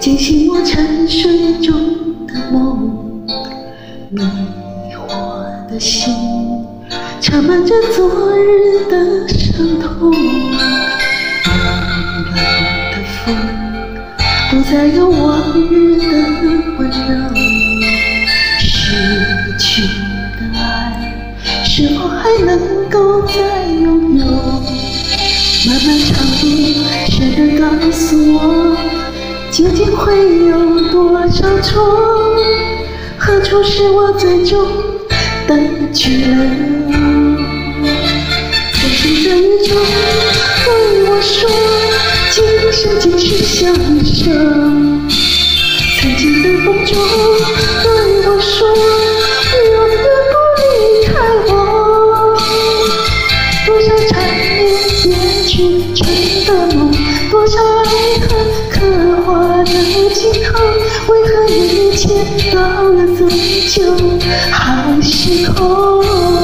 驚醒我沉睡中的夢，迷惑的心，纏滿着昨日的傷痛。冷冷的風，不再有往日的。誰能告訴我，究竟會有多少愁？何處是我最終的居留？曾經在雨中對我說，今生今世相守。那時候。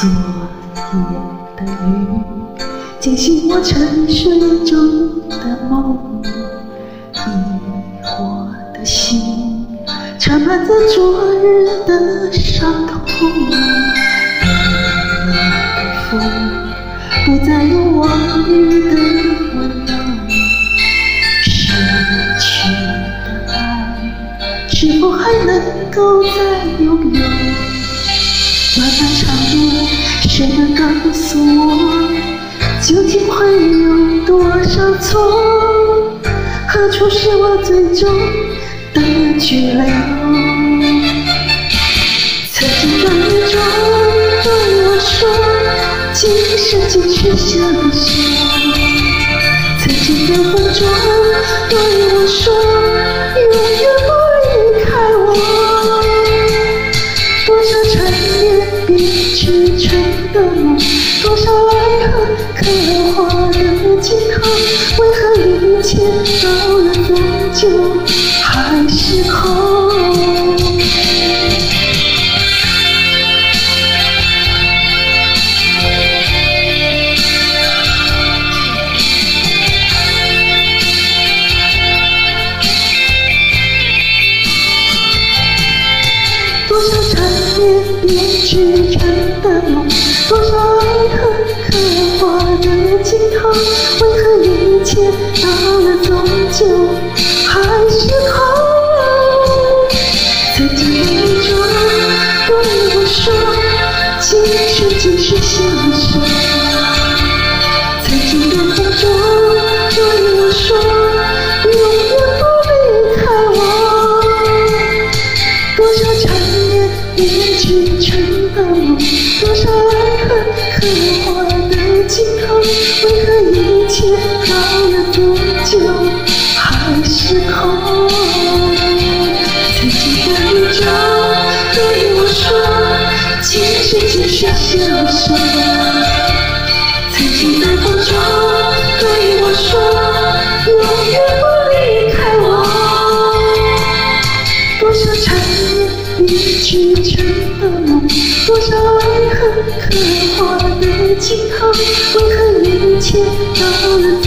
昨夜的雨驚醒我沉睡中的夢，迷惑的心充滿着昨日的傷痛，冷冷的風不再有往日。告訴我，究竟會有多少錯？何處是我最終的居留？曾經在雨中對我說，今生今世相守。曾經的風中。嗯、多少愛恨刻劃的記號，為何一切都？多少愛恨刻劃的鏡頭，為何一切到了？ 說，前世今生相守。曾經在風中對我說，永遠不離開我。多少纏綿編織成的夢，多少愛恨刻劃的鏡頭，為何一切到了？